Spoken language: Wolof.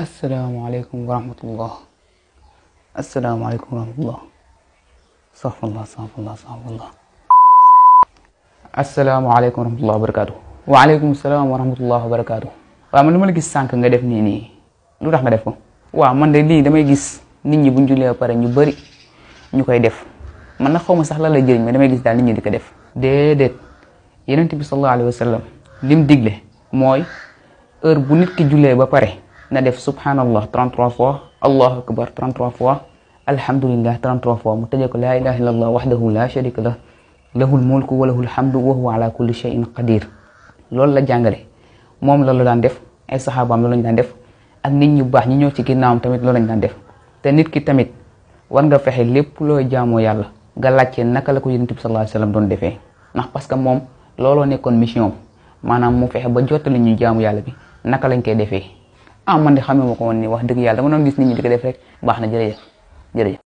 asalaamaaleykum wa rahmatullah asalaamaaleykum wa rahmatullah safallah safallah safallah asalaamaaleykum wa rahmatullah wa barakaatu waaleykum salaam wa rahmatullah wa ma la gis sànq nga def nii nii lu tax nga def ko waaw man de lii damay gis nit ñi buñ jullee pare ñu bëri ñu koy def man na xaw sax la lay jëriñ mais damay gis daal nit ñi di ko def déedéet yonent bi sallallahu alayhi wa sallam lim digle mooy heure bu nit ki jullee ba pare nadef subhanallah 33 fois allahu akbar 33 fois alhamdulillah 33 fois mu tëjee ko laa ilaha illallah wahdahu la sharika lah lahul mulku wa lahul hamdu wa huwa ala kulli shay'in qadir lol la Mom la loolu dan def ay saxaabaam loolu lañ dan def ak nit ñu bax ñi ñëw ci ginnaawam tamit loolu lañ dan def te nit ki tamit war nga fexé lepp lo jaamoo yalla ga laccé naka la ko yonent sallallahu alayhi wasallam doon defé nak parce que mom lolo nekkon mission manam mu fexé ba jotali ñu jaamu yalla bi naka lañ koy defee ah man de xamee ma ko woon nii wax dëgg yàlla dama doon gis nit ñi di ko def rek baax na jërëjëf